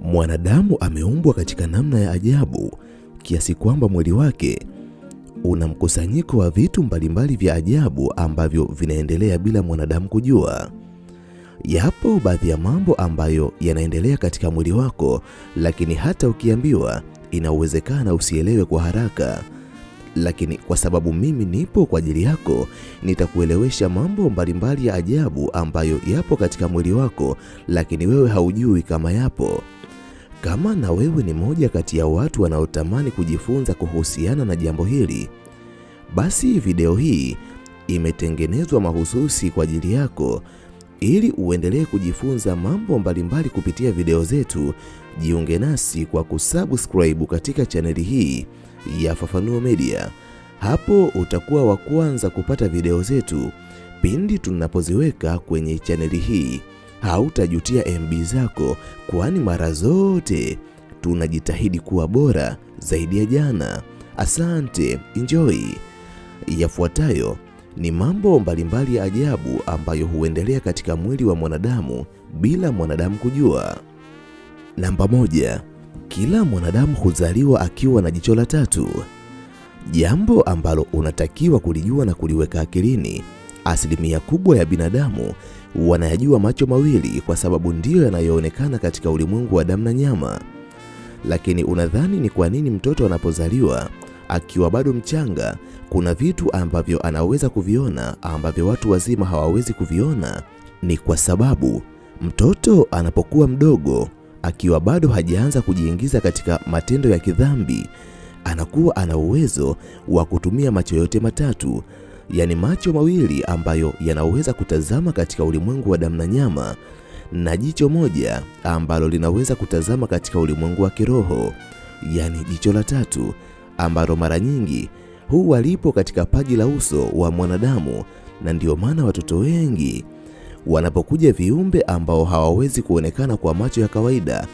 Mwanadamu ameumbwa katika namna ya ajabu kiasi kwamba mwili wake una mkusanyiko wa vitu mbalimbali vya ajabu ambavyo vinaendelea bila mwanadamu kujua. Yapo baadhi ya mambo ambayo yanaendelea katika mwili wako, lakini hata ukiambiwa, inawezekana usielewe kwa haraka lakini kwa sababu mimi nipo kwa ajili yako, nitakuelewesha mambo mbalimbali ya ajabu ambayo yapo katika mwili wako, lakini wewe haujui kama yapo. Kama na wewe ni moja kati ya watu wanaotamani kujifunza kuhusiana na jambo hili, basi video hii imetengenezwa mahususi kwa ajili yako ili uendelee kujifunza mambo mbalimbali kupitia video zetu. Jiunge nasi kwa kusubscribe katika chaneli hii ya Fafanuo Media. Hapo utakuwa wa kwanza kupata video zetu pindi tunapoziweka kwenye chaneli hii. Hautajutia MB zako, kwani mara zote tunajitahidi kuwa bora zaidi ya jana. Asante, enjoy. Yafuatayo ni mambo mbalimbali ya ajabu ambayo huendelea katika mwili wa mwanadamu bila mwanadamu kujua. Namba moja, kila mwanadamu huzaliwa akiwa na jicho la tatu, jambo ambalo unatakiwa kulijua na kuliweka akilini. Asilimia kubwa ya binadamu wanayajua macho mawili kwa sababu ndiyo yanayoonekana katika ulimwengu wa damu na nyama. Lakini unadhani ni kwa nini mtoto anapozaliwa akiwa bado mchanga kuna vitu ambavyo anaweza kuviona ambavyo watu wazima hawawezi kuviona? Ni kwa sababu mtoto anapokuwa mdogo akiwa bado hajaanza kujiingiza katika matendo ya kidhambi, anakuwa ana uwezo wa kutumia macho yote matatu, yaani macho mawili ambayo yanaweza kutazama katika ulimwengu wa damu na nyama na jicho moja ambalo linaweza kutazama katika ulimwengu wa kiroho, yaani jicho la tatu ambalo mara nyingi huwa lipo katika paji la uso wa mwanadamu, na ndio maana watoto wengi Wanapokuja viumbe ambao hawawezi kuonekana kwa macho ya kawaida,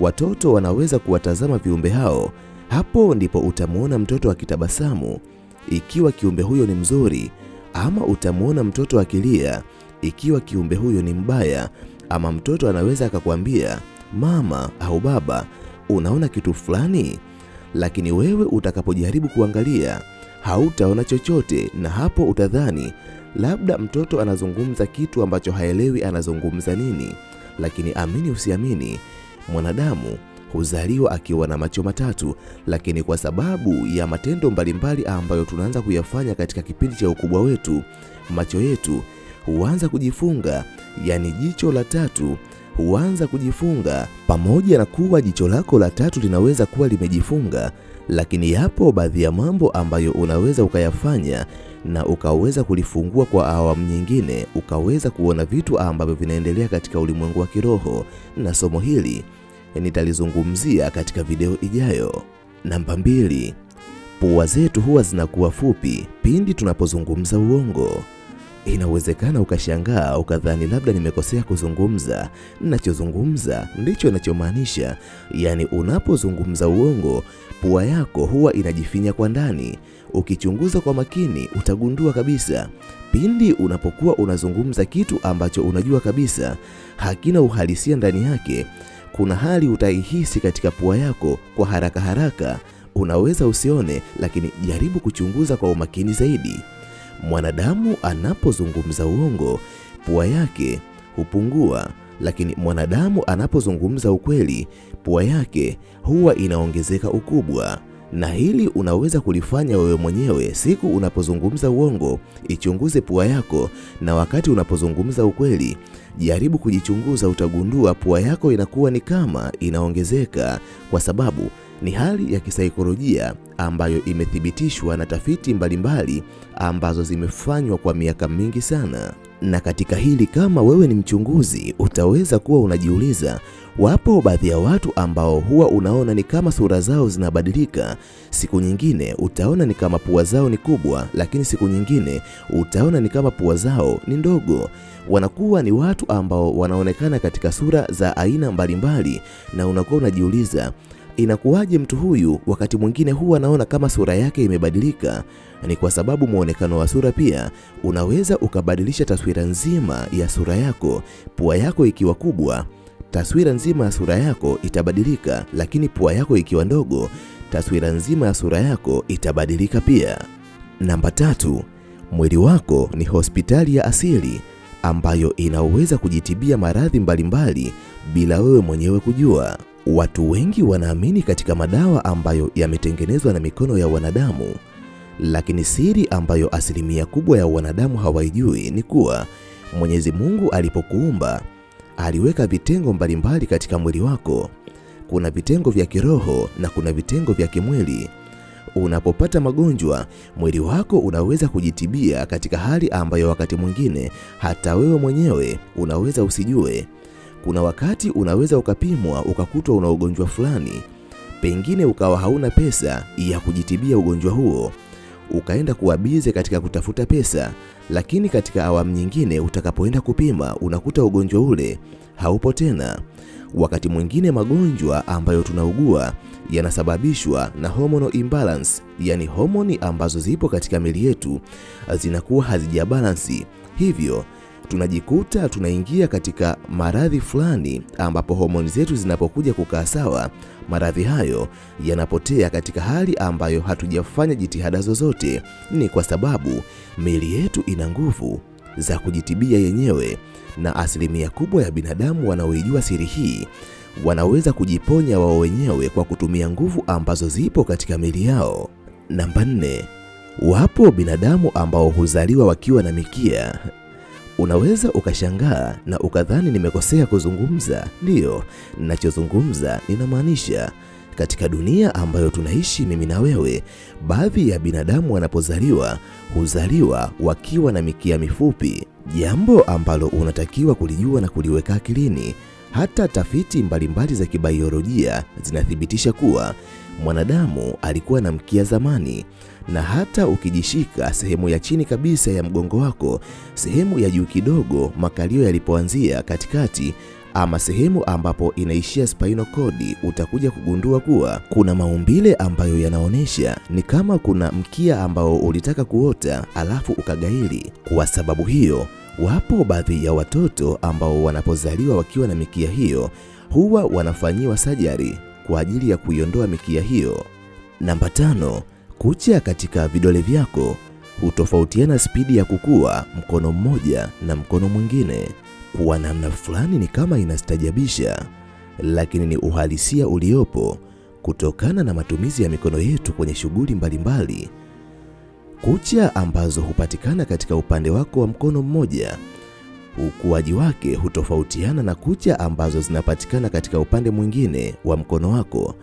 watoto wanaweza kuwatazama viumbe hao. Hapo ndipo utamwona mtoto akitabasamu ikiwa kiumbe huyo ni mzuri, ama utamwona mtoto akilia ikiwa kiumbe huyo ni mbaya, ama mtoto anaweza akakwambia mama au baba, unaona kitu fulani, lakini wewe utakapojaribu kuangalia hautaona chochote, na hapo utadhani labda mtoto anazungumza kitu ambacho haelewi anazungumza nini. Lakini amini usiamini, mwanadamu huzaliwa akiwa na macho matatu, lakini kwa sababu ya matendo mbalimbali ambayo tunaanza kuyafanya katika kipindi cha ukubwa wetu, macho yetu huanza kujifunga, yani jicho la tatu huanza kujifunga. Pamoja na kuwa jicho lako la tatu linaweza kuwa limejifunga, lakini yapo baadhi ya mambo ambayo unaweza ukayafanya na ukaweza kulifungua kwa awamu nyingine, ukaweza kuona vitu ambavyo vinaendelea katika ulimwengu wa kiroho, na somo hili nitalizungumzia katika video ijayo. Namba mbili, pua zetu huwa zinakuwa fupi pindi tunapozungumza uongo. Inawezekana ukashangaa ukadhani labda nimekosea kuzungumza, ninachozungumza ndicho ninachomaanisha. Yaani, unapozungumza uongo, pua yako huwa inajifinya kwa ndani. Ukichunguza kwa makini, utagundua kabisa pindi unapokuwa unazungumza kitu ambacho unajua kabisa hakina uhalisia ndani yake. Kuna hali utaihisi katika pua yako kwa haraka haraka, unaweza usione, lakini jaribu kuchunguza kwa umakini zaidi. Mwanadamu anapozungumza uongo, pua yake hupungua, lakini mwanadamu anapozungumza ukweli, pua yake huwa inaongezeka ukubwa. Na hili unaweza kulifanya wewe mwenyewe. Siku unapozungumza uongo, ichunguze pua yako, na wakati unapozungumza ukweli, jaribu kujichunguza. Utagundua pua yako inakuwa ni kama inaongezeka, kwa sababu ni hali ya kisaikolojia ambayo imethibitishwa na tafiti mbalimbali ambazo zimefanywa kwa miaka mingi sana. Na katika hili, kama wewe ni mchunguzi, utaweza kuwa unajiuliza, wapo baadhi ya watu ambao huwa unaona ni kama sura zao zinabadilika. Siku nyingine utaona ni kama pua zao ni kubwa, lakini siku nyingine utaona ni kama pua zao ni ndogo. Wanakuwa ni watu ambao wanaonekana katika sura za aina mbalimbali, na unakuwa unajiuliza Inakuwaje mtu huyu wakati mwingine huwa anaona kama sura yake imebadilika? Ni kwa sababu muonekano wa sura pia unaweza ukabadilisha taswira nzima ya sura yako. Pua yako ikiwa kubwa, taswira nzima ya sura yako itabadilika, lakini pua yako ikiwa ndogo, taswira nzima ya sura yako itabadilika pia. Namba tatu, mwili wako ni hospitali ya asili ambayo inaweza kujitibia maradhi mbalimbali bila wewe mwenyewe kujua. Watu wengi wanaamini katika madawa ambayo yametengenezwa na mikono ya wanadamu, lakini siri ambayo asilimia kubwa ya wanadamu hawaijui ni kuwa Mwenyezi Mungu alipokuumba aliweka vitengo mbalimbali katika mwili wako. Kuna vitengo vya kiroho na kuna vitengo vya kimwili. Unapopata magonjwa, mwili wako unaweza kujitibia katika hali ambayo wakati mwingine hata wewe mwenyewe unaweza usijue. Kuna wakati unaweza ukapimwa ukakutwa una ugonjwa fulani, pengine ukawa hauna pesa ya kujitibia ugonjwa huo, ukaenda kuwa bize katika kutafuta pesa, lakini katika awamu nyingine utakapoenda kupima unakuta ugonjwa ule haupo tena. Wakati mwingine magonjwa ambayo tunaugua yanasababishwa na hormonal imbalance, yani homoni ambazo zipo katika mili yetu zinakuwa hazijabalansi, hivyo tunajikuta tunaingia katika maradhi fulani ambapo homoni zetu zinapokuja kukaa sawa, maradhi hayo yanapotea katika hali ambayo hatujafanya jitihada zozote. Ni kwa sababu miili yetu ina nguvu za kujitibia yenyewe, na asilimia kubwa ya binadamu wanaoijua siri hii wanaweza kujiponya wao wenyewe kwa kutumia nguvu ambazo zipo katika miili yao. Namba nne, wapo binadamu ambao huzaliwa wakiwa na mikia Unaweza ukashangaa na ukadhani nimekosea kuzungumza. Ndiyo, ninachozungumza ninamaanisha katika dunia ambayo tunaishi mimi na wewe, baadhi ya binadamu wanapozaliwa huzaliwa wakiwa na mikia mifupi, jambo ambalo unatakiwa kulijua na kuliweka akilini. Hata tafiti mbalimbali za kibaiolojia zinathibitisha kuwa mwanadamu alikuwa na mkia zamani, na hata ukijishika sehemu ya chini kabisa ya mgongo wako, sehemu ya juu kidogo makalio yalipoanzia katikati ama sehemu ambapo inaishia spinal cord, utakuja kugundua kuwa kuna maumbile ambayo yanaonyesha ni kama kuna mkia ambao ulitaka kuota alafu ukagaili. Kwa sababu hiyo, wapo baadhi ya watoto ambao wanapozaliwa wakiwa na mikia hiyo huwa wanafanyiwa sajari kwa ajili ya kuiondoa mikia hiyo. Namba tano, kucha katika vidole vyako hutofautiana spidi ya kukua mkono mmoja na mkono mwingine. Kwa namna fulani ni kama inastajabisha, lakini ni uhalisia uliopo kutokana na matumizi ya mikono yetu kwenye shughuli mbalimbali. Kucha ambazo hupatikana katika upande wako wa mkono mmoja Ukuaji wake hutofautiana na kucha ambazo zinapatikana katika upande mwingine wa mkono wako.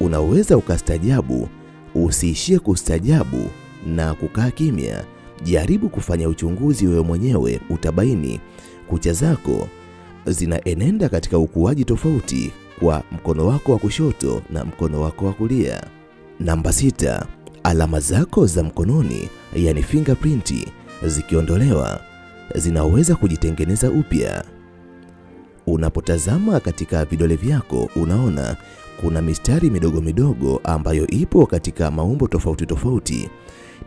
Unaweza ukastajabu, usiishie kustajabu na kukaa kimya. Jaribu kufanya uchunguzi wewe mwenyewe, utabaini kucha zako zinaenenda katika ukuaji tofauti kwa mkono wako wa kushoto na mkono wako wa kulia. Namba sita, alama zako za mkononi, yani fingerprint zikiondolewa zinaweza kujitengeneza upya. Unapotazama katika vidole vyako unaona kuna mistari midogo midogo ambayo ipo katika maumbo tofauti tofauti,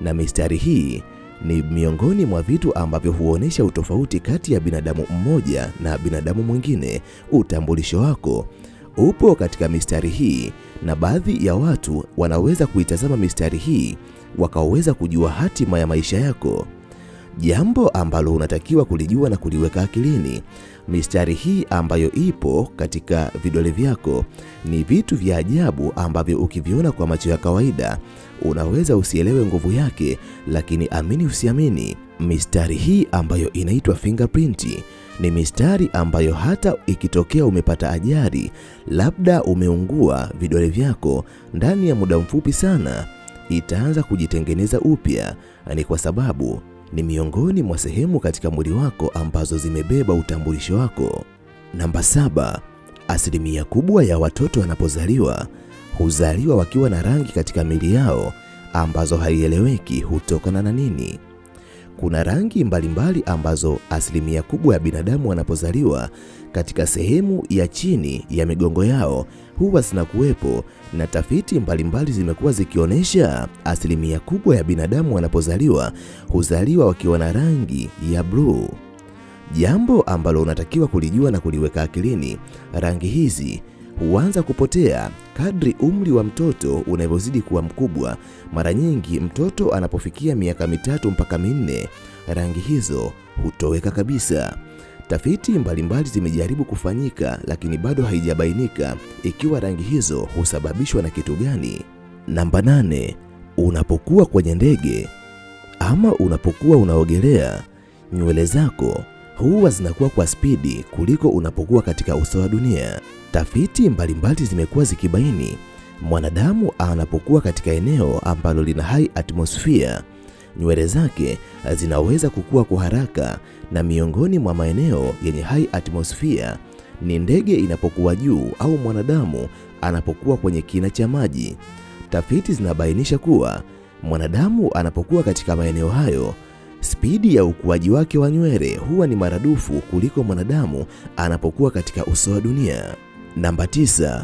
na mistari hii ni miongoni mwa vitu ambavyo huonesha utofauti kati ya binadamu mmoja na binadamu mwingine. Utambulisho wako upo katika mistari hii, na baadhi ya watu wanaweza kuitazama mistari hii wakaweza kujua hatima ya maisha yako jambo ambalo unatakiwa kulijua na kuliweka akilini. Mistari hii ambayo ipo katika vidole vyako ni vitu vya ajabu ambavyo ukiviona kwa macho ya kawaida unaweza usielewe nguvu yake, lakini amini usiamini, mistari hii ambayo inaitwa fingerprint ni mistari ambayo hata ikitokea umepata ajali, labda umeungua, vidole vyako ndani ya muda mfupi sana itaanza kujitengeneza upya. Ni kwa sababu ni miongoni mwa sehemu katika mwili wako ambazo zimebeba utambulisho wako. Namba saba, asilimia kubwa ya watoto wanapozaliwa huzaliwa wakiwa na rangi katika miili yao ambazo haieleweki hutokana na nini. Kuna rangi mbalimbali ambazo asilimia kubwa ya binadamu wanapozaliwa katika sehemu ya chini ya migongo yao huwa zinakuwepo na tafiti mbalimbali zimekuwa zikionyesha asilimia kubwa ya binadamu wanapozaliwa huzaliwa wakiwa na rangi ya bluu. Jambo ambalo unatakiwa kulijua na kuliweka akilini, rangi hizi huanza kupotea kadri umri wa mtoto unavyozidi kuwa mkubwa. Mara nyingi mtoto anapofikia miaka mitatu mpaka minne, rangi hizo hutoweka kabisa. Tafiti mbalimbali zimejaribu kufanyika, lakini bado haijabainika ikiwa rangi hizo husababishwa na kitu gani. Namba nane, unapokuwa kwenye ndege ama unapokuwa unaogelea, nywele zako huwa zinakuwa kwa spidi kuliko unapokuwa katika uso wa dunia. Tafiti mbalimbali zimekuwa zikibaini mwanadamu anapokuwa katika eneo ambalo lina high atmosphere nywele zake zinaweza kukua kwa haraka, na miongoni mwa maeneo yenye high atmosphere ni ndege inapokuwa juu au mwanadamu anapokuwa kwenye kina cha maji. Tafiti zinabainisha kuwa mwanadamu anapokuwa katika maeneo hayo, spidi ya ukuaji wake wa nywele huwa ni maradufu kuliko mwanadamu anapokuwa katika uso wa dunia. Namba 9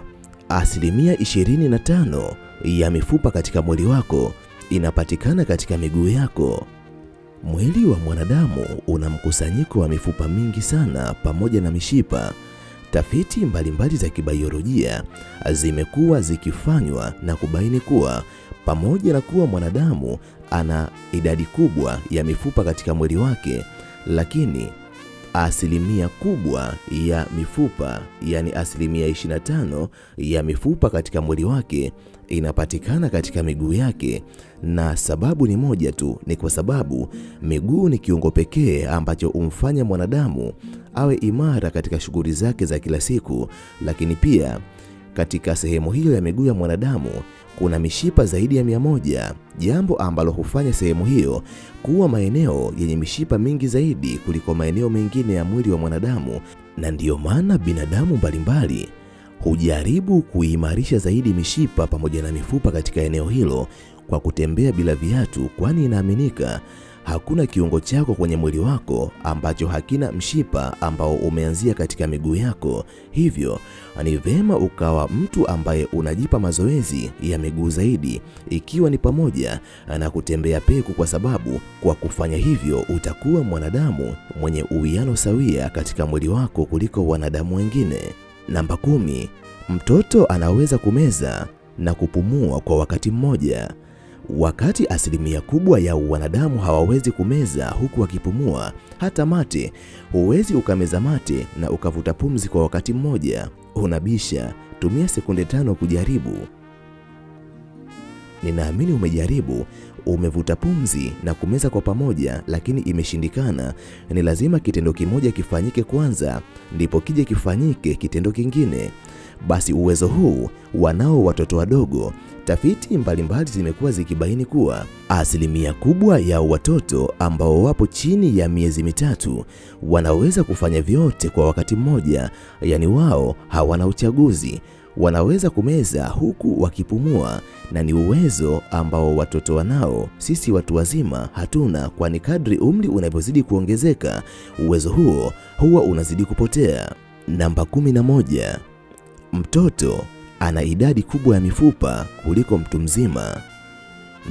asilimia 25 ya mifupa katika mwili wako inapatikana katika miguu yako. Mwili wa mwanadamu una mkusanyiko wa mifupa mingi sana pamoja na mishipa. Tafiti mbalimbali za kibaiolojia zimekuwa zikifanywa na kubaini kuwa pamoja na kuwa mwanadamu ana idadi kubwa ya mifupa katika mwili wake, lakini asilimia kubwa ya mifupa, yani asilimia 25 ya mifupa katika mwili wake inapatikana katika miguu yake, na sababu ni moja tu, ni kwa sababu miguu ni kiungo pekee ambacho humfanya mwanadamu awe imara katika shughuli zake za kila siku. Lakini pia katika sehemu hiyo ya miguu ya mwanadamu kuna mishipa zaidi ya mia moja, jambo ambalo hufanya sehemu hiyo kuwa maeneo yenye mishipa mingi zaidi kuliko maeneo mengine ya mwili wa mwanadamu, na ndiyo maana binadamu mbalimbali hujaribu kuimarisha zaidi mishipa pamoja na mifupa katika eneo hilo kwa kutembea bila viatu, kwani inaaminika hakuna kiungo chako kwenye mwili wako ambacho hakina mshipa ambao umeanzia katika miguu yako, hivyo ni vema ukawa mtu ambaye unajipa mazoezi ya miguu zaidi, ikiwa ni pamoja na kutembea peku, kwa sababu kwa kufanya hivyo utakuwa mwanadamu mwenye uwiano sawia katika mwili wako kuliko wanadamu wengine. Namba kumi, mtoto anaweza kumeza na kupumua kwa wakati mmoja. Wakati asilimia kubwa ya wanadamu hawawezi kumeza huku wakipumua, hata mate huwezi ukameza mate na ukavuta pumzi kwa wakati mmoja. Unabisha. Tumia sekunde tano kujaribu. Ninaamini umejaribu umevuta pumzi na kumeza kwa pamoja, lakini imeshindikana, ni lazima kitendo kimoja kifanyike kwanza, ndipo kije kifanyike kitendo kingine. Basi uwezo huu wanao watoto wadogo. Tafiti mbalimbali zimekuwa zikibaini kuwa asilimia kubwa ya watoto ambao wapo chini ya miezi mitatu wanaweza kufanya vyote kwa wakati mmoja, yaani wao hawana uchaguzi, wanaweza kumeza huku wakipumua, na ni uwezo ambao watoto wanao, sisi watu wazima hatuna, kwani kadri umri unavyozidi kuongezeka uwezo huo huwa unazidi kupotea. Namba kumi na moja, mtoto ana idadi kubwa ya mifupa kuliko mtu mzima.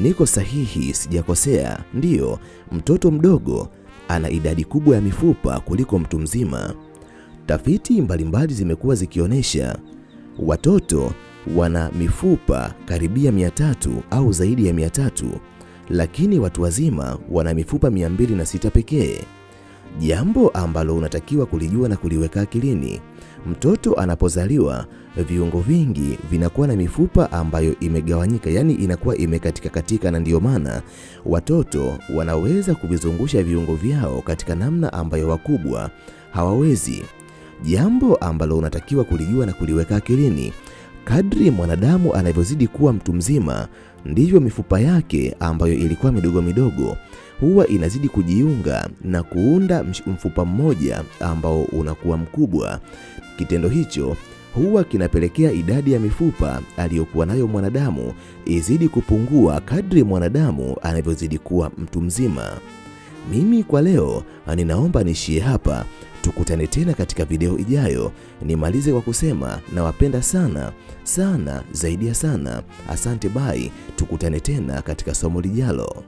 Niko sahihi, sijakosea? Ndiyo, mtoto mdogo ana idadi kubwa ya mifupa kuliko mtu mzima. Tafiti mbalimbali zimekuwa zikionyesha Watoto wana mifupa karibia mia tatu au zaidi ya mia tatu lakini watu wazima wana mifupa sita pekee. Jambo ambalo unatakiwa kulijua na kuliweka akilini. Mtoto anapozaliwa, viungo vingi vinakuwa na mifupa ambayo imegawanyika, yaani inakuwa imekatika katika, na ndiyo maana watoto wanaweza kuvizungusha viungo vyao katika namna ambayo wakubwa hawawezi jambo ambalo unatakiwa kulijua na kuliweka akilini. Kadri mwanadamu anavyozidi kuwa mtu mzima, ndivyo mifupa yake ambayo ilikuwa midogo midogo huwa inazidi kujiunga na kuunda mfupa mmoja ambao unakuwa mkubwa. Kitendo hicho huwa kinapelekea idadi ya mifupa aliyokuwa nayo mwanadamu izidi kupungua kadri mwanadamu anavyozidi kuwa mtu mzima. Mimi kwa leo ah, ninaomba nishie hapa, tukutane tena katika video ijayo. Nimalize kwa kusema nawapenda sana sana zaidi ya sana. Asante, bye. Tukutane tena katika somo lijalo.